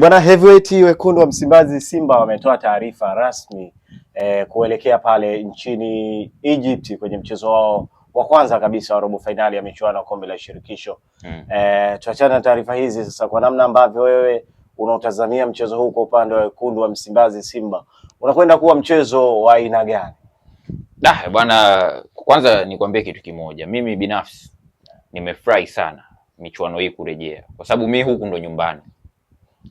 Bwana Heavyweight wekundu wa Msimbazi Simba wametoa taarifa rasmi eh, kuelekea pale nchini Egypt kwenye mchezo wao wa kwanza kabisa wa robo fainali ya michuano ya kombe la shirikisho mm. Eh, tuachane na taarifa hizi sasa, kwa namna ambavyo wewe unaotazamia mchezo huu kwa upande wa wekundu wa Msimbazi Simba unakwenda kuwa mchezo wa aina gani? Nah, bwana, kwanza nikwambie kitu kimoja, mimi binafsi nimefurahi sana michuano hii kurejea, kwa sababu mimi huku ndo nyumbani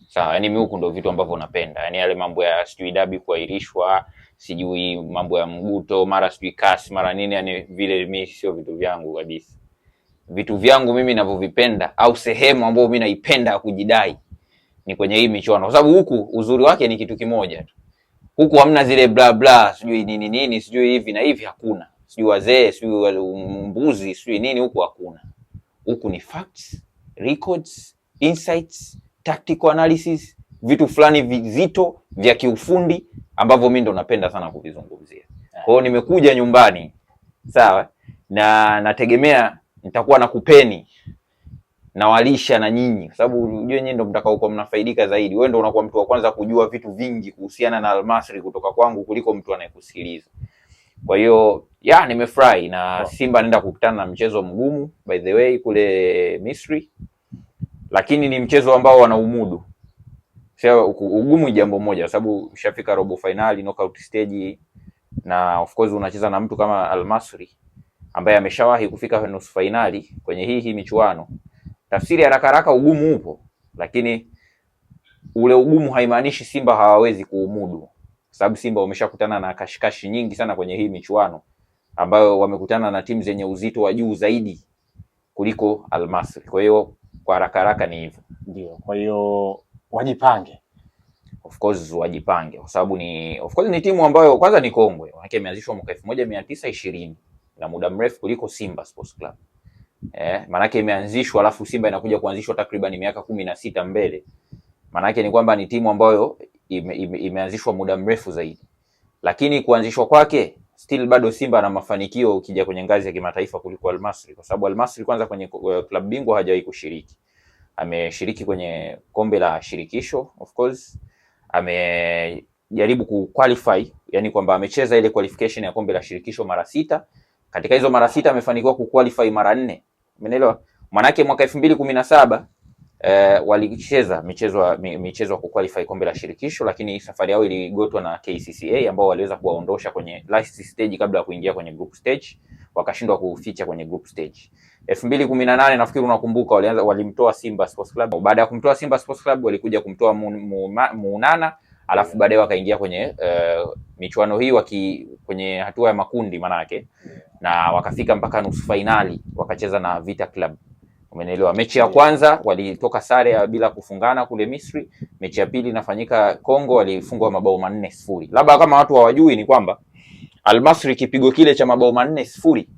sawa. Yani mimi huku ndo vitu ambavyo napenda, yani yale mambo ya sijui dabi kuahirishwa, sijui mambo ya mguto, mara sijui kasi, mara nini, yani vile mimi sio vitu vyangu kabisa. Vitu vyangu mimi ninavyovipenda au sehemu ambayo mimi naipenda ya kujidai ni kwenye hii michuano, kwa sababu huku uzuri wake ni kitu kimoja tu. Huku hamna zile bla bla, sijui nini nini, sijui hivi na hivi, hakuna sijui wazee, sijui mbuzi, sijui nini, huku hakuna. Huku ni facts, records, insights tactical analysis, vitu fulani vizito vya kiufundi ambavyo mimi ndo napenda sana kuvizungumzia. Kwa hiyo nimekuja nyumbani, sawa, na nategemea nitakuwa na kupeni nawalisha na nyinyi kwa sababu unajua nyinyi ndio mtakaokuwa mnafaidika zaidi. Wewe ndo unakuwa mtu wa kwanza kujua vitu vingi kuhusiana na almasri kutoka kwangu kuliko mtu anayekusikiliza. Kwa hiyo ya nimefurahi na oh. Simba naenda kukutana na mchezo mgumu by the way kule Misri lakini ni mchezo ambao wanaumudu. Sio ugumu jambo moja, sababu ushafika robo finali knockout stage, na of course unacheza na mtu kama Almasri ambaye ameshawahi kufika nusu finali kwenye hii hii michuano. Tafsiri ya haraka haraka, ugumu upo, lakini ule ugumu haimaanishi Simba hawawezi kuumudu, sababu Simba wameshakutana na kashikashi nyingi sana kwenye hii michuano ambayo wamekutana na timu zenye uzito wa juu zaidi kuliko Almasri. Kwa hiyo kwa haraka haraka ni hivyo ndio. Kwa hiyo wajipange, of course wajipange, kwa sababu ni of course ni timu ambayo kwanza ni kongwe, maanake imeanzishwa mwaka elfu moja mia tisa ishirini na muda mrefu kuliko Simba Sports Club eh, maanake imeanzishwa alafu Simba inakuja kuanzishwa takriban miaka kumi na sita mbele. Maanake ni kwamba ni timu ambayo ime, ime, imeanzishwa muda mrefu zaidi, lakini kuanzishwa kwake still bado Simba ana mafanikio ukija kwenye ngazi ya kimataifa kuliko Almasri, kwa sababu Almasri kwanza kwenye eh, klabu bingwa hajawahi kushiriki ameshiriki kwenye kombe la shirikisho of course, amejaribu kuqualify, yani kwamba amecheza ile qualification ya kombe la shirikisho mara sita. Katika hizo mara sita amefanikiwa kuqualify mara nne, umeelewa? Manake mwaka elfu mbili kumi na saba eh, walicheza michezo michezo ya kuqualify kombe la shirikisho, lakini safari yao iligotwa na KCCA ambao waliweza kuwaondosha kwenye last stage kabla ya kuingia kwenye group stage, wakashindwa kuficha kwenye group stage elfu mbili kumi na nane nafikiri unakumbuka, walianza walimtoa Simba Sports Club. Baada ya kumtoa Simba Sports Club walikuja kumtoa Muunana, alafu baadaye wakaingia kwenye uh, michuano hii waki kwenye hatua ya makundi manake, na wakafika mpaka nusu fainali wakacheza na Vita Club. Umeelewa? Mechi ya kwanza walitoka sare bila kufungana kule Misri. Mechi ya pili inafanyika Kongo, walifungwa mabao manne sifuri. Labda kama watu hawajui ni kwamba Almasri kipigo kile cha mabao manne sifuri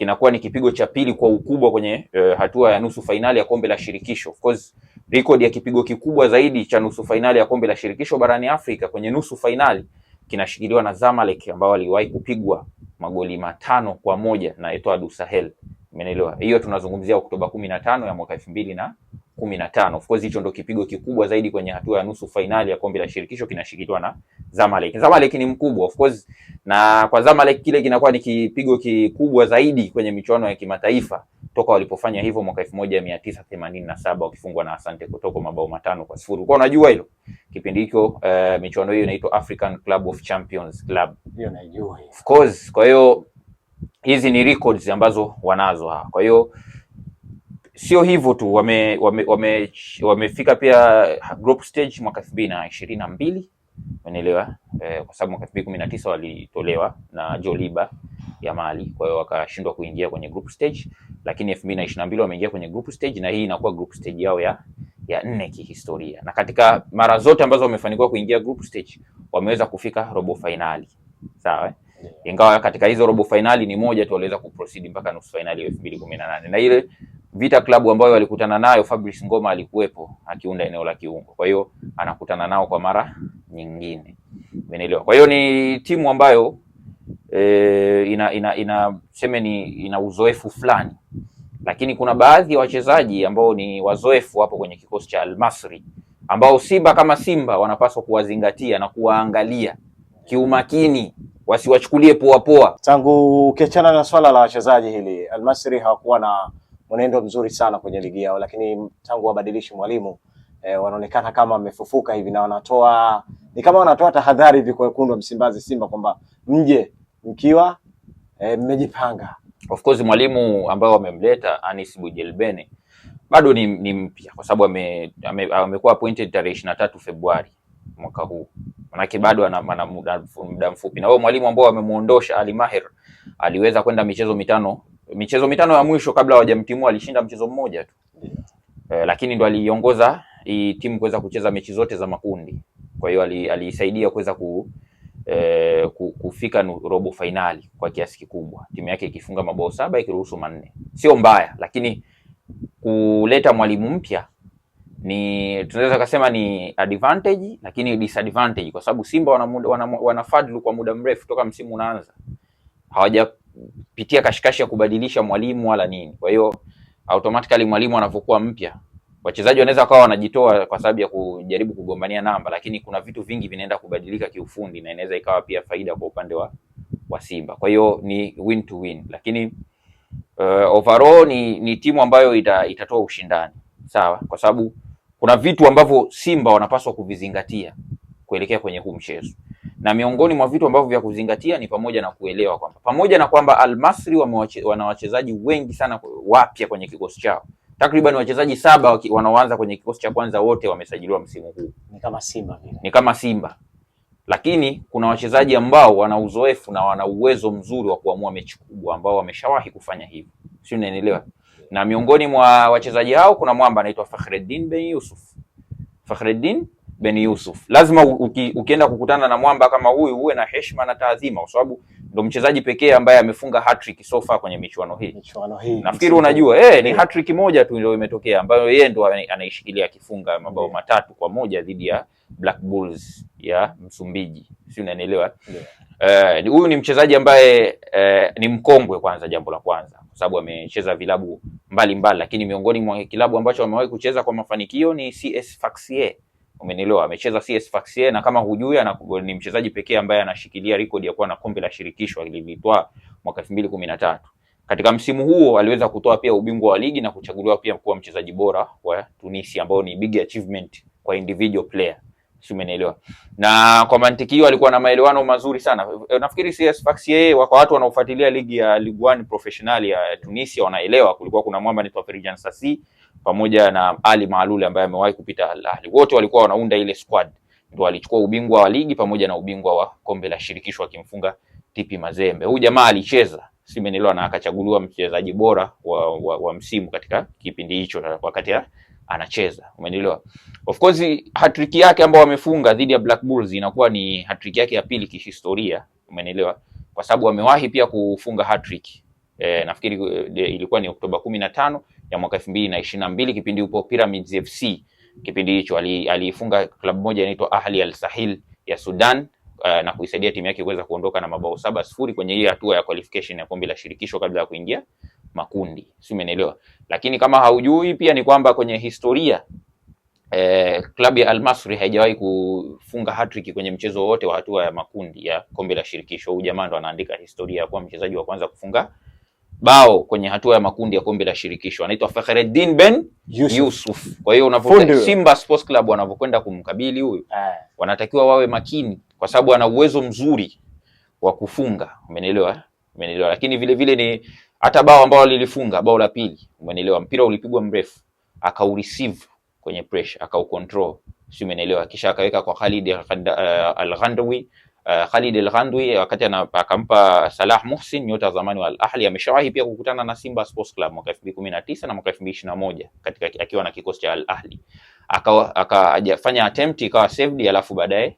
kinakuwa ni kipigo cha pili kwa ukubwa kwenye e, hatua ya nusu fainali ya kombe la shirikisho. Of course record ya kipigo kikubwa zaidi cha nusu fainali ya kombe la shirikisho barani Afrika kwenye nusu fainali kinashikiliwa na Zamalek ambao waliwahi kupigwa magoli matano kwa moja na Etoile du Sahel. Umeelewa? Hiyo tunazungumzia Oktoba 15 ya mwaka 2015. Of course hicho ndo kipigo kikubwa zaidi kwenye hatua ya nusu fainali ya kombe la shirikisho kinashikiliwa na Zamalek. Zamalek ni mkubwa of course, na kwa Zamalek kile kinakuwa ni kipigo kikubwa zaidi kwenye michuano ya kimataifa toka walipofanya hivyo mwaka 1987 wakifungwa na Asante Kotoko mabao matano kwa sifuri. Kwa unajua hilo kipindi hicho, uh, michuano hiyo inaitwa African Club of Champions Club. Ndio najua Of course, kwa hiyo hizi ni records ambazo wanazo hawa. Kwa hiyo sio hivyo tu wame wamefika wame, wame pia group stage mwaka 2022 Umeelewa? Eh, kwa sababu mwaka 2019 walitolewa na Joliba ya Mali, kwa hiyo wakashindwa kuingia kwenye group stage, lakini 2022 wameingia kwenye group stage na hii inakuwa group stage yao ya ya nne kihistoria, na katika mara zote ambazo wamefanikiwa kuingia group stage wameweza kufika robo finali, sawa eh? ingawa katika hizo robo finali ni moja tu waliweza kuproceed mpaka nusu finali ya 2018 na ile Vita Klabu ambayo walikutana nayo, Fabrice Ngoma alikuwepo akiunda eneo la kiungo, kwa hiyo anakutana nao kwa mara nyingine, umeelewa? Kwa hiyo ni timu ambayo e, ina ina ina seme ni ina uzoefu fulani, lakini kuna baadhi ya wa wachezaji ambao ni wazoefu hapo kwenye kikosi cha almasri ambao Simba kama Simba wanapaswa kuwazingatia na kuwaangalia kiumakini wasiwachukulie poa poa. Tangu ukiachana na swala la wachezaji hili, almasri hawakuwa na mwenendo mzuri sana kwenye ligi yao, lakini tangu wabadilishi mwalimu eh, wanaonekana kama wamefufuka hivi na wanatoa ni kama wanatoa tahadhari hivi kwa wekundu wa Msimbazi Simba kwamba mje mkiwa e, mmejipanga. Of course mwalimu ambao wamemleta Anis Bujelbene bado ni, ni mpya kwa sababu amekuwa ame, ame appointed tarehe ishirini na tatu Februari mwaka huu, manake bado ana, ana muda mfupi na wao mwalimu ambao wamemuondosha Ali Maher aliweza kwenda michezo mitano michezo mitano ya mwisho kabla hawajamtimua alishinda mchezo mmoja tu yeah. Eh, lakini ndo aliiongoza hii timu kuweza kucheza mechi zote za makundi, kwa hiyo aliisaidia kuweza ku, eh, kufika robo fainali kwa kiasi kikubwa, timu yake ikifunga mabao saba ikiruhusu manne, sio mbaya, lakini kuleta mwalimu mpya ni tunaweza kusema ni advantage lakini disadvantage, kwa sababu Simba wana, wana, wana fadlu kwa muda mrefu toka msimu unaanza hawaja kupitia kashikashi ya kubadilisha mwalimu wala nini. Kwa hiyo automatically mwalimu anapokuwa mpya, wachezaji wanaweza wakawa wanajitoa kwa sababu ya kujaribu kugombania namba, lakini kuna vitu vingi vinaenda kubadilika kiufundi na inaweza ikawa pia faida kwa upande wa, wa Simba. Kwa hiyo ni win to win, lakini uh, overall ni, ni timu ambayo ita, itatoa ushindani sawa, kwa sababu kuna vitu ambavyo Simba wanapaswa kuvizingatia kuelekea kwenye huu mchezo na miongoni mwa vitu ambavyo vya kuzingatia ni pamoja na kuelewa kwamba pamoja na kwamba Al-Masri wana wachezaji wengi sana wapya kwenye kikosi chao takriban wachezaji saba wanaoanza kwenye kikosi cha kwanza wote wamesajiliwa msimu huu, ni kama Simba ni kama Simba, lakini kuna wachezaji ambao wana uzoefu na wana uwezo mzuri wa kuamua mechi kubwa ambao wameshawahi kufanya hivyo, si unaelewa? Na miongoni mwa wachezaji hao kuna mwamba anaitwa Fakhreddin Ben Yusuf. Fakhreddin Beni Yusuf. Lazima uki, ukienda kukutana na mwamba kama huyu uwe na heshima na taadhima, kwa sababu ndo mchezaji pekee ambaye amefunga hat-trick so far kwenye michuano hii. Michuano hii nafikiri unajua eh, ni hat-trick moja tu ndio imetokea ambayo yeye ndo anaishikilia akifunga mabao yeah, matatu kwa moja dhidi ya Black Bulls ya Msumbiji, si unanielewa? Yeah. Eh, huyu ni mchezaji ambaye uh, ni mkongwe kwanza, jambo la kwanza kwa sababu amecheza vilabu mbalimbali mbali, lakini miongoni mwa kilabu ambacho amewahi kucheza kwa mafanikio ni CS Sfaxien Umenielewa, amecheza CS Sfaxien na kama hujui, ni mchezaji pekee ambaye anashikilia rekodi ya kuwa na kombe la shirikisho lilitwaa mwaka 2013. Katika msimu huo aliweza kutoa pia ubingwa wa ligi na kuchaguliwa pia kuwa mchezaji bora wa Tunisia, ambao ni big achievement kwa individual player. Umenielewa? Na kwa mantiki hiyo alikuwa na maelewano mazuri sana. Eh, nafikiri Sfax yeye kwa watu wanaofuatilia ligi ya Ligue 1 professional ya Tunisia wanaelewa, kulikuwa kuna mwamba anaitwa Ferjan Sassi pamoja na Ali maaluli ambaye amewahi kupita Al Ahly. Wote walikuwa wanaunda ile squad. Ndio alichukua ubingwa wa ligi pamoja na ubingwa wa kombe la shirikisho akimfunga Tipi Mazembe. Huyu jamaa alicheza, si umenielewa, na akachaguliwa mchezaji bora wa, wa, wa msimu katika kipindi hicho wakati ya anacheza, umeelewa? Of course hatrick yake ambayo amefunga dhidi ya Black Bulls inakuwa ni hatrick yake ya pili kihistoria, umeelewa? Kwa sababu amewahi pia kufunga hatrick e, eh, nafikiri e, ilikuwa ni Oktoba kumi na tano ya mwaka elfu mbili na ishirini na mbili kipindi upo Pyramids FC. Kipindi hicho aliifunga ali klabu moja inaitwa Ahli Al Sahil ya Sudan uh, na kuisaidia timu yake kuweza kuondoka na mabao saba sifuri kwenye hii hatua ya qualification ya kombe la shirikisho kabla ya kuingia makundi, si umeelewa? Lakini kama haujui pia ni kwamba kwenye historia eh, klabu ya Al-Masri haijawahi kufunga hatrick kwenye mchezo wote wa hatua ya makundi ya kombe la shirikisho. Huyu jamaa ndo anaandika historia ya kuwa mchezaji wa kwanza kufunga bao kwenye hatua ya makundi ya kombe la shirikisho, anaitwa Fakhreddin Ben Yusuf, Yusuf. Kwa hiyo unapokuwa Simba Sports Club wanapokwenda kumkabili huyu, eh. wanatakiwa wawe makini, kwa sababu ana uwezo mzuri wa kufunga, umenielewa? Umenielewa? Lakini vile vile ni hata bao ambao lilifunga bao la pili, umenielewa? Mpira ulipigwa mrefu, akau receive kwenye pressure, akau control, si umenielewa? Kisha akaweka kwa Khalid Al-Ghandwi eh, uh, eh, Khalid Al-Ghandwi wakati akampa Salah Muhsin, nyota wa zamani wa Al Ahli. Ameshawahi pia kukutana na Simba Sports Club mwaka 2019 na mwaka 2021 katika akiwa na kikosi cha Al Ahli, akafanya attempt ikawa saved, alafu baadaye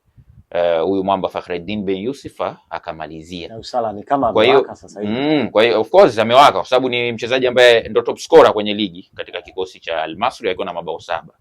Eh, huyu uh, mwamba Fakhreddin bin Yusufa akamalizia. Usala ni kama amewaka sasa hivi. Mm, kwa hiyo of course amewaka kwa sababu ni mchezaji ambaye ndo top scorer kwenye ligi katika kikosi cha Al akiwa na mabao saba.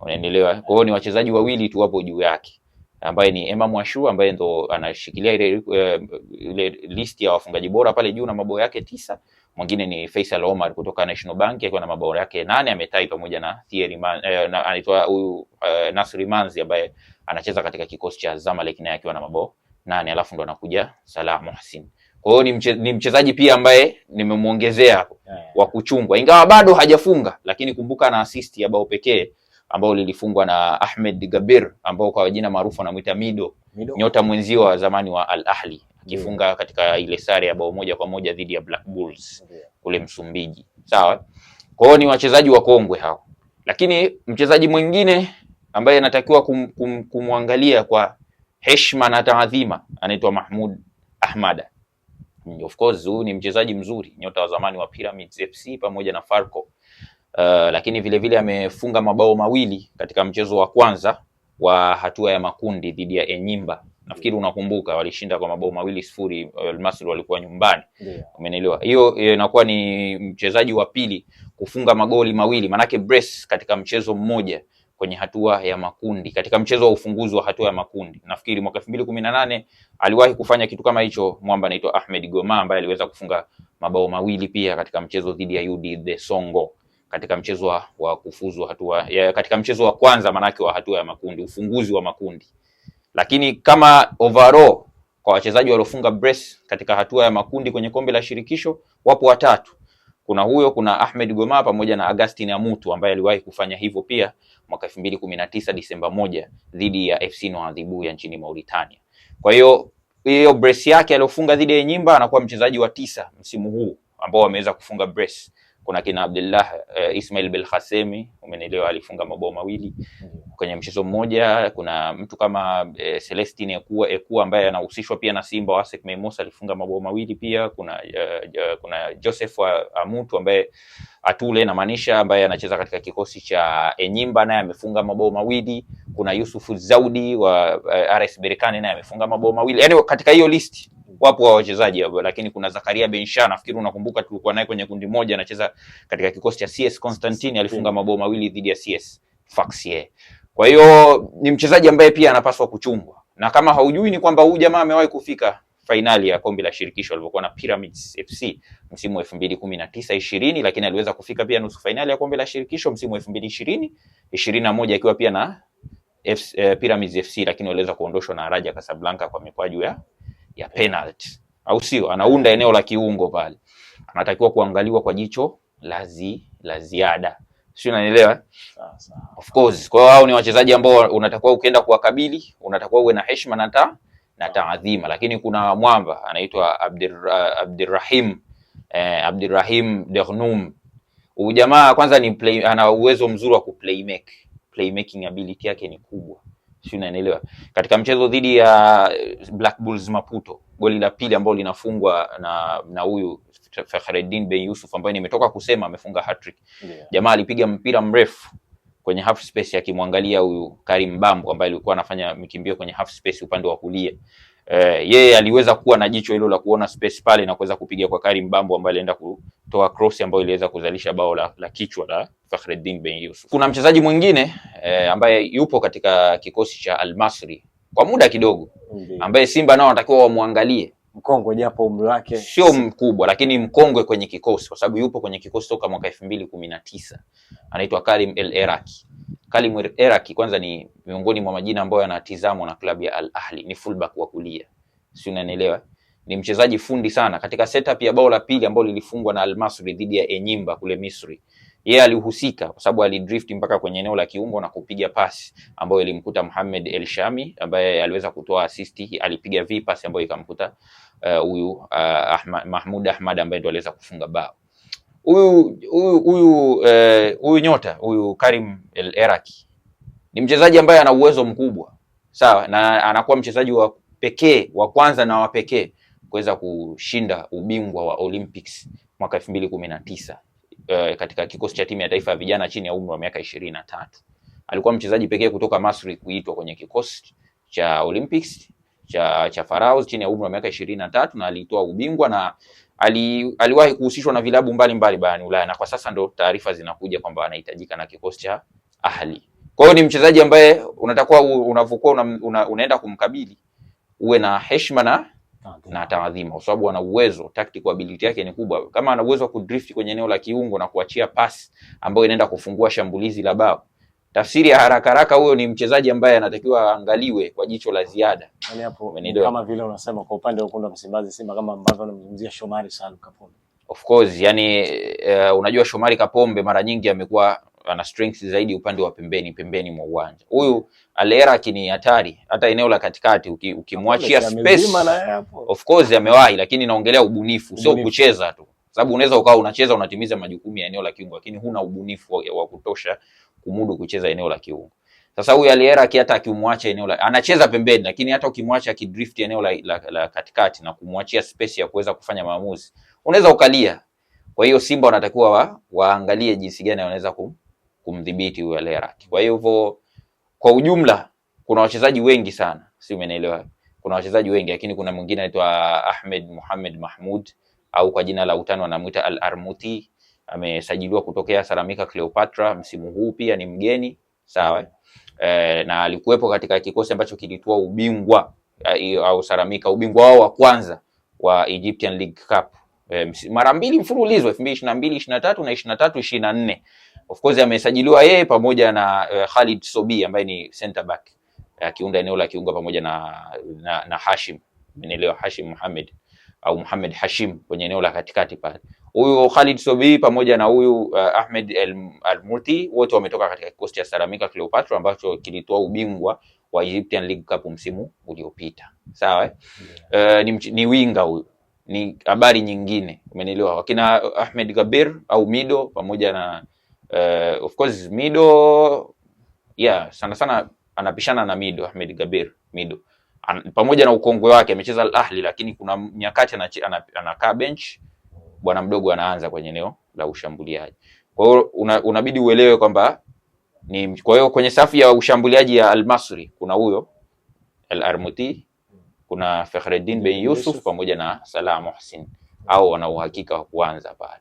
Unaendelewa. Kwa hiyo ni wachezaji wawili tu wapo juu yake ambaye ni Emma Mwashu ambaye ndo anashikilia ile, eh, ile list ya wafungaji bora pale juu na mabao yake tisa. Mwingine ni Faisal Omar kutoka National Bank akiwa na mabao yake nane ametai pamoja na Thierry Man, eh, na, anaitwa huyu eh, Nasri Manzi ambaye anacheza katika kikosi cha Zamalek naye akiwa na mabao nane, alafu ndo anakuja Salah Mohsin. Kwa hiyo ni, mche, ni mchezaji pia ambaye nimemuongezea hapo yeah, yeah, wa kuchungwa ingawa bado hajafunga, lakini kumbuka na assist ya bao pekee ambao lilifungwa na Ahmed Gabir ambao kwa jina maarufu anamuita Mido, Mido, nyota mwenzio wa zamani wa Al Ahli akifunga yeah, katika ile sare ya bao moja kwa moja dhidi ya Black Bulls yeah, kule Msumbiji. Sawa, kwa hiyo ni wachezaji wakongwe hao, lakini mchezaji mwingine ambaye anatakiwa kum, kum, kumwangalia kwa heshima na taadhima anaitwa Mahmud Ahmada. Of course huyu ni mchezaji mzuri, nyota wa zamani wa Pyramids FC pamoja na Farco. Uh, lakini vile vile amefunga mabao mawili katika mchezo wa kwanza wa hatua ya makundi dhidi ya Enyimba. Nafikiri unakumbuka walishinda kwa mabao mawili sifuri, uh, Almasri walikuwa nyumbani. Yeah. Umeelewa? Hiyo eh, inakuwa ni mchezaji wa pili kufunga magoli mawili, manake brace katika mchezo mmoja kwenye hatua ya makundi katika mchezo wa ufunguzi wa hatua ya makundi. Nafikiri mwaka 2018 aliwahi kufanya kitu kama hicho mwamba anaitwa Ahmed Goma ambaye aliweza kufunga mabao mawili pia katika mchezo dhidi ya UD The Songo katika mchezo wa, wa kufuzu hatua ya, katika mchezo wa kwanza manake wa hatua ya makundi ufunguzi wa makundi. Lakini kama overall kwa wachezaji waliofunga brace katika hatua ya makundi kwenye kombe la shirikisho wapo watatu kuna huyo, kuna Ahmed Goma pamoja na Augustine Amutu ambaye aliwahi kufanya hivyo pia mwaka 2019 Disemba moja dhidi ya FC Nouadhibou ya nchini Mauritania. Kwa hiyo hiyo brace yake aliyofunga dhidi ya Nyimba anakuwa mchezaji wa tisa msimu huu ambao ameweza kufunga brace kuna kina Abdullah uh, Ismail Belkhasemi, umenielewa, alifunga mabao mawili kwenye mchezo mmoja. Kuna mtu kama uh, Celestine Ekua Ekua ambaye anahusishwa pia na Simba wa Asec alifunga mabao mawili pia. Kuna uh, kuna Joseph Amutu ambaye Atule na ambaye anacheza katika kikosi cha Enyimba naye amefunga mabao mawili. Kuna Yusuf Zaudi wa uh, RS Berkane naye amefunga mabao mawili. yani katika hiyo listi wapo wa wachezaji hapo, lakini kuna Zakaria Bensha, nafikiri unakumbuka, tulikuwa naye kwenye kundi moja, anacheza katika kikosi cha CS Constantine, alifunga mabao mawili dhidi ya CS Faxie. Kwa hiyo ni mchezaji ambaye pia anapaswa kuchungwa, na kama haujui ni kwamba huyu jamaa amewahi kufika fainali ya kombe la shirikisho alipokuwa na Pyramids FC msimu wa 2019 20, lakini aliweza kufika pia nusu fainali ya kombe la shirikisho msimu wa 2020 21 akiwa pia na F, eh, Pyramids FC, lakini waliweza kuondoshwa na Raja Casablanca kwa mikwaju ya ya penalty, au sio? Anaunda eneo la kiungo pale, anatakiwa kuangaliwa kwa jicho la zi, la ziada, sio? Unanielewa? Of course. Kwa hiyo hao ni wachezaji ambao unatakiwa ukienda kuwakabili, unatakiwa uwe na heshima na ta na taadhima, lakini kuna mwamba anaitwa Abdir, uh, Abdirrahim eh, Abdirrahim Dernum. Huyu jamaa kwanza ni play, ana uwezo mzuri wa playmake playmaking ability yake ni kubwa si unanielewa. Katika mchezo dhidi ya eh, Black Bulls Maputo, goli la pili ambalo linafungwa na na huyu Fakhreddin Ben Yusuf ambaye nimetoka kusema amefunga hat Yeah. Jamaa alipiga mpira mrefu kwenye half space akimwangalia huyu Karim Bambo ambaye alikuwa anafanya mikimbio kwenye half space upande wa kulia. Eh, yeye aliweza kuwa na jicho hilo la kuona space pale na kuweza kupiga kwa Karim mbambo ambaye alienda kutoa cross ambayo iliweza kuzalisha bao la, la kichwa la Fakhreddin Ben Yusuf. Kuna mchezaji mwingine eh, ambaye yupo katika kikosi cha Al Masry kwa muda kidogo ambaye Simba nao watakiwa wamwangalie mkongwe japo umri wake sio mkubwa, lakini mkongwe kwenye kikosi, kwa sababu yupo kwenye kikosi toka mwaka elfu mbili kumi na tisa. Anaitwa Karim El Eraki. Karim El Eraki kwanza ni miongoni mwa majina ambayo yanatizamwa na klabu ya Al Ahli, ni fullback wa kulia, si unanielewa? Ni mchezaji fundi sana katika setup ya bao la pili ambalo lilifungwa na Al Masri dhidi ya Enyimba kule Misri yeye alihusika kwa sababu alidrift mpaka kwenye eneo la kiungo na kupiga pasi ambayo ilimkuta Mohamed El Shami ambaye aliweza kutoa assist, alipiga v pasi ambayo ikamkuta uh, huyu uh, uh, Ahmad, Mahmud Ahmad ambaye ndo aliweza kufunga bao. Huyu huyu huyu uh, nyota huyu Karim El Eraki ni mchezaji ambaye ana uwezo mkubwa sawa, na anakuwa mchezaji wa pekee wa kwanza na wa pekee kuweza kushinda ubingwa wa Olympics mwaka elfu mbili kumi na tisa uh, katika kikosi cha timu ya taifa ya vijana chini ya umri wa miaka ishirini na tatu. Alikuwa mchezaji pekee kutoka Masri kuitwa kwenye kikosi cha Olympics cha, cha Faraos chini ya umri wa miaka ishirini na tatu na alitoa ubingwa na ali, aliwahi kuhusishwa na vilabu mbalimbali barani Ulaya na kwa sasa ndo taarifa zinakuja kwamba anahitajika na kikosi cha Ahli. Kwa hiyo ni mchezaji ambaye unatakuwa unavyokuwa una, una, unaenda kumkabili uwe na heshima na na atawadhima kwa sababu ana uwezo, tactical ability yake ni kubwa. Kama ana uwezo wa kudrift kwenye eneo la kiungo na kuachia pasi ambayo inaenda kufungua shambulizi la bao, tafsiri ya haraka haraka, huyo ni mchezaji ambaye anatakiwa aangaliwe kwa jicho la ziada. Yani hapo kama vile unasema kwa upande wa ukunda Msimbazi, Simba kama ambavyo anamzungumzia Shomari Salum Kapombe. Of course, yani uh, eh, unajua Shomari Kapombe mara nyingi amekuwa ana strength zaidi upande wa pembeni pembeni mwa uwanja. Huyu Alera kini hatari hata eneo la katikati ukimwachia space. Of course amewahi, lakini naongelea ubunifu, sio kucheza tu, sababu unaweza ukawa unacheza unatimiza majukumu ya eneo la kiungo, lakini huna ubunifu wa kutosha kumudu kucheza eneo la kiungo. Sasa huyu Aliera hata akimwacha eneo la anacheza pembeni, lakini hata ukimwacha akidrift eneo la, la, la katikati na kumwachia space ya kuweza kufanya maamuzi unaweza ukalia. Kwa hiyo Simba wanatakiwa wa, waangalie jinsi gani wanaweza kumdhibiti huyo Lerak. Kwa hivyo kwa ujumla kuna wachezaji wengi sana, si umeelewa? Kuna wachezaji wengi lakini kuna mwingine anaitwa Ahmed Mohamed Mahmud au kwa jina la utani wanamuita Al Armuti, amesajiliwa kutokea Saramika Cleopatra msimu huu, pia ni mgeni sawa. E, na alikuwepo katika kikosi ambacho kilitoa ubingwa eh, au Saramika ubingwa wao wa kwanza wa Egyptian League Cup e, mara mbili mfululizo 2022 23 na 23 24 Of course amesajiliwa yeye pamoja na uh, Khalid Sobi ambaye ni center back eh, akiunda uh, eneo la kiunga pamoja na, na, na Hashim menelewa Hashim Muhammad au Muhammad Hashim kwenye eneo la katikati pale. Huyu Khalid Sobi pamoja na huyu uh, Ahmed Al-Murti wote wametoka katika kikosi cha Salamika Cleopatra ambacho kilitoa ubingwa wa Egyptian League Cup msimu uliopita. Sawa eh? Yeah. Uh, ni, ni winga huyu ni habari nyingine, umenielewa. Wakina Ahmed Gabir au Mido pamoja na Uh, of course Mido yeah, sana sana anapishana na Mido Ahmed gabir Mido An, pamoja na ukongwe wake amecheza Al Ahli, lakini kuna nyakati anakaa bench, bwana mdogo anaanza kwenye eneo la ushambuliaji. Kwa hiyo una, unabidi uelewe kwamba ni kwa hiyo kwenye safu ya ushambuliaji ya Al Masri kuna huyo Al Armuti, kuna Fakhreddin Ben Yusuf pamoja na Salah Mohsin, au wana uhakika wa kuanza pale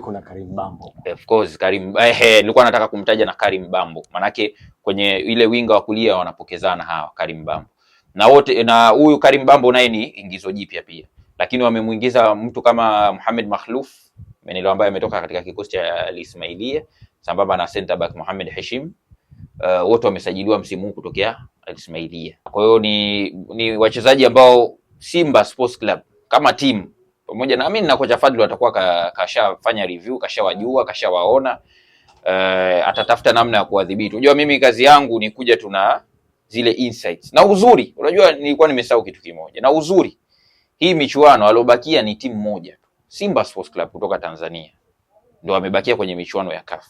kuna Karim Bambo. Of course, Karim eh, eh, nilikuwa nataka kumtaja na Karim Bambo manake kwenye ile winga wa kulia wanapokezana hawa Karim Bambo na wote na huyu Karim Bambo naye ni ingizo jipya pia, lakini wamemuingiza mtu kama Mohamed Makhluf menelo ambaye ametoka katika kikosi cha Al Ismailia sambamba na center back Mohamed Hashim uh, wote wamesajiliwa msimu huu kutokea Al Ismailia. Kwa hiyo ni, ni wachezaji ambao Simba Sports Club kama timu pamoja na mimi na kocha Fadlu atakuwa kashafanya review, kashawajua, kashawaona uh, atatafuta namna ya kuwadhibiti. Unajua mimi kazi yangu ni kuja tuna zile insights. Na uzuri, unajua nilikuwa nimesahau kitu kimoja. Na uzuri hii michuano aliobakia ni timu moja tu. Simba Sports Club kutoka Tanzania ndio amebakia kwenye michuano ya CAF,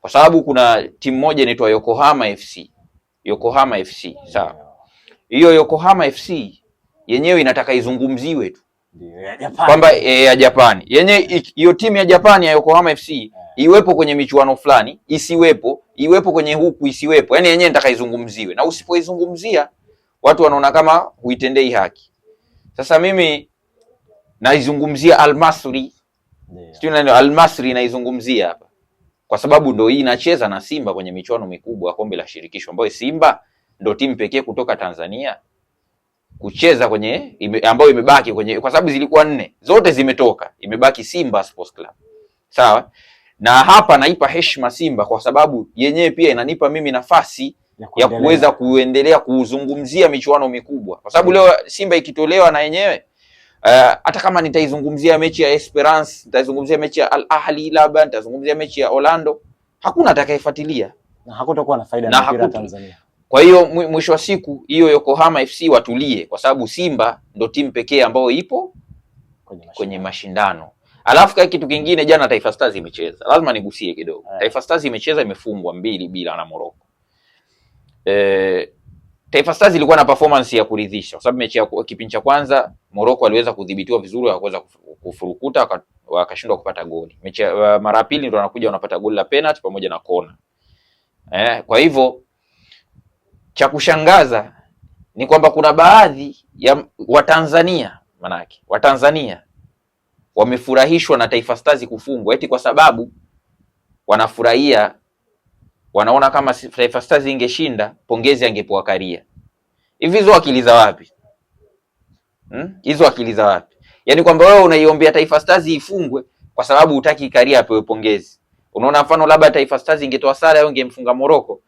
kwa sababu kuna timu moja inaitwa Yokohama FC. Yokohama FC, sawa. Hiyo Yokohama FC yenyewe inataka izungumziwe tu kwamba eh, ya, ya Japani yenye hiyo timu ya Japani ya Yokohama FC yeah. iwepo kwenye michuano fulani, isiwepo, iwepo kwenye huku, isiwepo, yaani yenyewe nataka izungumziwe, na usipoizungumzia watu wanaona kama huitendei haki. Sasa mimi naizungumzia Almasri yeah. nani Almasri naizungumzia hapa kwa sababu ndo hii inacheza na Simba kwenye michuano mikubwa ya kombe la shirikisho, ambayo Simba ndo timu pekee kutoka Tanzania kucheza kwenye ime, ambayo imebaki kwenye, kwa sababu zilikuwa nne zote zimetoka, imebaki Simba Sports Club. Sawa, na hapa naipa heshima Simba kwa sababu yenyewe pia inanipa mimi nafasi ya, ya kuweza kuendelea kuzungumzia michuano mikubwa kwa sababu mm. leo Simba ikitolewa na yenyewe eh, hata uh, kama nitaizungumzia mechi ya Esperance, nitaizungumzia mechi ya Al Ahli, labda nitazungumzia mechi ya Orlando, hakuna atakayefuatilia na hakutakuwa na faida na mpira Tanzania. Kwa hiyo mwisho wa siku hiyo Yokohama FC watulie, kwa sababu Simba ndo timu pekee ambayo ipo kwenye mashindano, kwenye mashindano. Alafu kama kitu kingine, jana Taifa Stars imecheza, lazima nigusie kidogo yeah. Taifa Stars imecheza imefungwa mbili bila na Morocco. E, Taifa Stars ilikuwa na performance ya kuridhisha kwa sababu mechi ya kipindi cha kwanza Morocco aliweza kudhibitiwa vizuri, wakaweza kufurukuta, wakashindwa kupata goli. Mechi mara ya pili ndo wanakuja wanapata goli la penalty pamoja na kona. Eh, kwa hivyo cha kushangaza ni kwamba kuna baadhi ya Watanzania manake Watanzania wamefurahishwa na Taifa Stars kufungwa eti kwa sababu wanafurahia, wanaona kama Taifa Stars ingeshinda pongezi angepewa Karia. Hivi hizo akili za wapi hmm? hizo hmm? akili za wapi? Yaani kwamba wewe unaiombea Taifa Stars ifungwe kwa sababu hutaki Karia apewe pongezi. Unaona mfano labda Taifa Stars ingetoa sare au ingemfunga moroko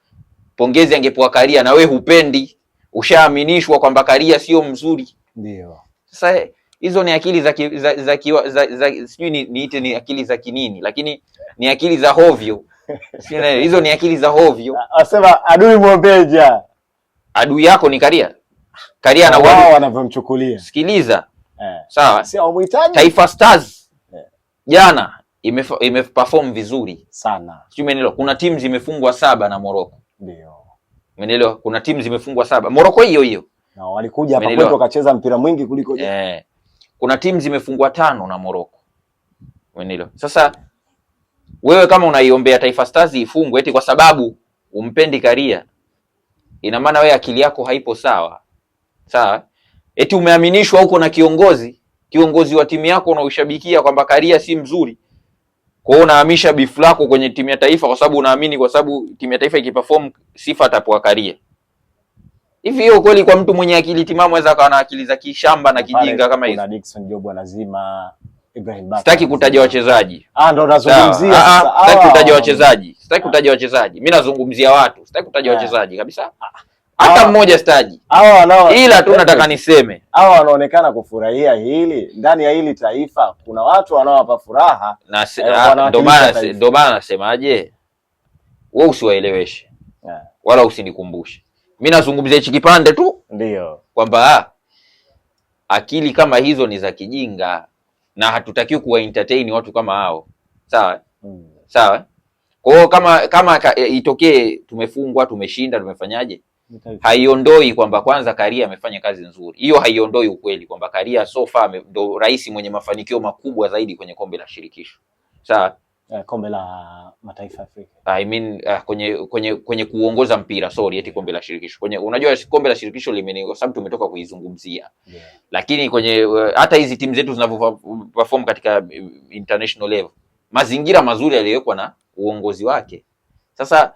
pongezi angepewa Karia, na we hupendi, ushaaminishwa kwamba Karia sio mzuri. Ndio sasa eh, hizo ni akili za sijui za, za, za, za, ni, niite ni akili za kinini, lakini ni akili za hovyo hizo ni akili za hovyo. Asema adui mwombeja, adui yako ni Karia. Karia na wao wanavyomchukulia, sikiliza eh. Sawa, si hawamhitaji. Taifa Stars eh, jana imeperform ime vizuri sana, sijui umeelewa. Kuna timu zimefungwa saba na Morocco, ndio Umeelewa? Kuna timu zimefungwa saba. Morocco hiyo hiyo. Na no, walikuja hapa kwetu wakacheza mpira mwingi kuliko je. Eh. Kuna timu zimefungwa tano na Morocco. Umeelewa? Sasa wewe kama unaiombea Taifa Stars ifungwe eti kwa sababu umpendi Karia, ina maana wewe akili yako haipo sawa. Sawa? Eti umeaminishwa huko na kiongozi, kiongozi wa timu yako unaoshabikia kwamba Karia si mzuri. Kwa hiyo unahamisha bifu lako kwenye timu ya taifa kwa sababu unaamini, kwa sababu timu ya taifa ikiperform Sifa atapewa Hivi hiyo kweli kwa mtu mwenye akili timamu anaweza akawa na akili za kishamba na kijinga kama hizo? Kuna Dickson Job lazima Ibrahim Bakari. Sitaki kutaja wachezaji. Ah, ndo nazungumzia. Ah, ah, sitaki ah. kutaja wachezaji. Sitaki kutaja wachezaji. Mimi nazungumzia watu. Sitaki kutaja wachezaji kabisa hata mmoja staji, ila tu nataka niseme hawa wanaonekana kufurahia hili. Ndani ya hili taifa kuna watu wanaowapa furaha, eh, ah, ndio maana nasemaje, we usiwaeleweshe yeah, wala usinikumbushe. Mi nazungumzia hichi kipande tu, ndio kwamba ah, akili kama hizo ni za kijinga na hatutakiwi kuwa entertain watu kama hao, sawa hmm, sawa. Kwa hiyo kama kama itokee tumefungwa, tumeshinda, tumefanyaje haiondoi kwamba kwanza Karia amefanya kazi nzuri. Hiyo haiondoi ukweli kwamba Karia so far ndo rais mwenye mafanikio makubwa zaidi kwenye kombe la shirikisho sawa, eh, kombe la mataifa Afrika. I mean, uh, kwenye kwenye kwenye kuongoza mpira sorry, eti kombe la shirikisho kwenye, unajua kombe la shirikisho limeni kwa sababu tumetoka kuizungumzia yeah. Lakini kwenye eh, hata uh, hizi timu zetu zinavyoperform katika eh, international level, mazingira mazuri yaliyowekwa na uongozi wake. Sasa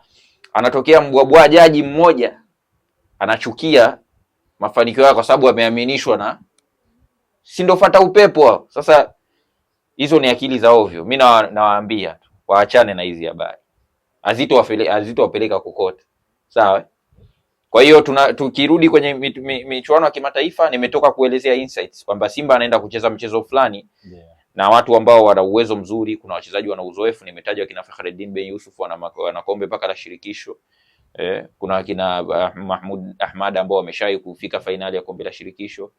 anatokea mbwabwa jaji mmoja anachukia mafanikio yake kwa sababu ameaminishwa na si ndo fata upepo hao. Sasa hizo ni akili za ovyo. Mi nawaambia tu waachane na hizi habari, azitowapeleka kokote, sawa. Kwa hiyo tukirudi kwenye michuano ya kimataifa, nimetoka kuelezea insights kwamba Simba anaenda kucheza mchezo fulani yeah. na watu ambao wana uwezo mzuri, kuna wachezaji wana uzoefu, nimetaja kina Fakhreddin Ben Yusuf, wana kombe mpaka la shirikisho eh, kuna wakina uh, ah, Mahmud Ahmad ambao wameshawahi kufika fainali ya kombe la shirikisho,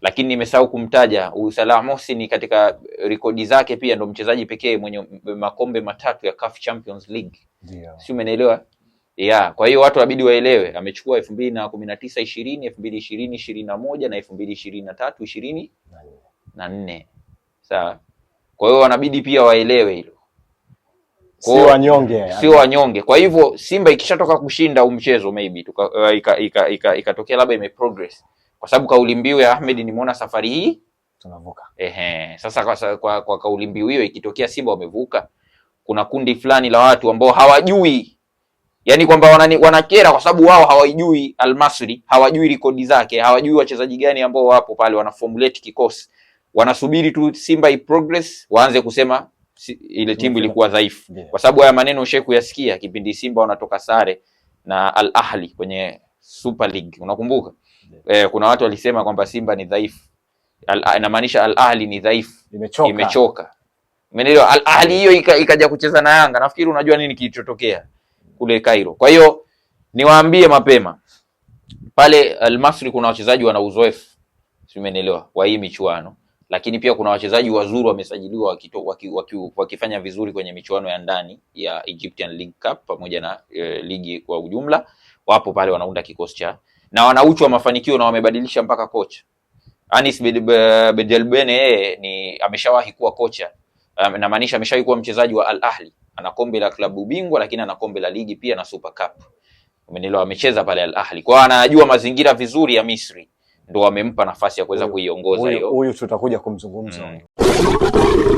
lakini nimesahau kumtaja huyu Salah Mohsin. Katika rekodi zake pia ndo mchezaji pekee mwenye makombe matatu ya CAF Champions League, si umeelewa? Yeah, kwa hiyo watu wabidi waelewe, amechukua elfu mbili na kumi na tisa ishirini elfu mbili ishirini ishirini na moja na elfu mbili ishirini na tatu ishirini na nne sawa. Kwa hiyo wanabidi pia waelewe hilo si wanyonge, si wanyonge. Kwa hivyo Simba ikishatoka kushinda huu mchezo maybe ikatokea uh, ika, ika, ika, ika labda progress kwa sababu kauli mbiu ya Ahmed nimeona safari hii tunavuka. Ehe, sasa kwa, kwa, kwa kauli mbiu hiyo ikitokea Simba wamevuka, kuna kundi fulani la watu ambao hawajui yani kwamba wanani, wanakera kwa sababu wao hawajui Almasri, hawajui rekodi zake, hawajui wachezaji gani ambao wapo pale, wanaformulate kikosi, wanasubiri tu Simba progress waanze kusema si, ile timu ilikuwa dhaifu yeah. Kwa sababu haya maneno ushe kuyasikia kipindi Simba wanatoka sare na Al Ahli kwenye Super League unakumbuka? yeah. Eh, kuna watu walisema kwamba Simba ni dhaifu, inamaanisha Al Ahli ni dhaifu, imechoka, imechoka. Umeelewa? Al Ahli hiyo ikaja kucheza na Yanga, nafikiri unajua nini kilichotokea kule Cairo. Kwa hiyo niwaambie mapema pale Al Masri kuna wachezaji wana uzoefu, si umeelewa, wa hii michuano lakini pia kuna wachezaji wazuri wamesajiliwa wakito, waki, waki, wakifanya vizuri kwenye michuano ya ndani ya Egyptian League Cup pamoja na e, ligi kwa ujumla, wapo pale wanaunda kikosi cha na wanauchu wa mafanikio na wamebadilisha mpaka kocha. Anis Bedelbene yeye ni ameshawahi kuwa kocha um, namaanisha ameshawahi kuwa mchezaji wa Al Ahli, ana kombe la klabu bingwa, lakini ana kombe la ligi pia na Super Cup, umenielewa, amecheza pale Al Ahli kwa anajua mazingira vizuri ya Misri ndo wamempa nafasi ya kuweza kuiongoza hiyo. Huyu tutakuja kumzungumza. Mm.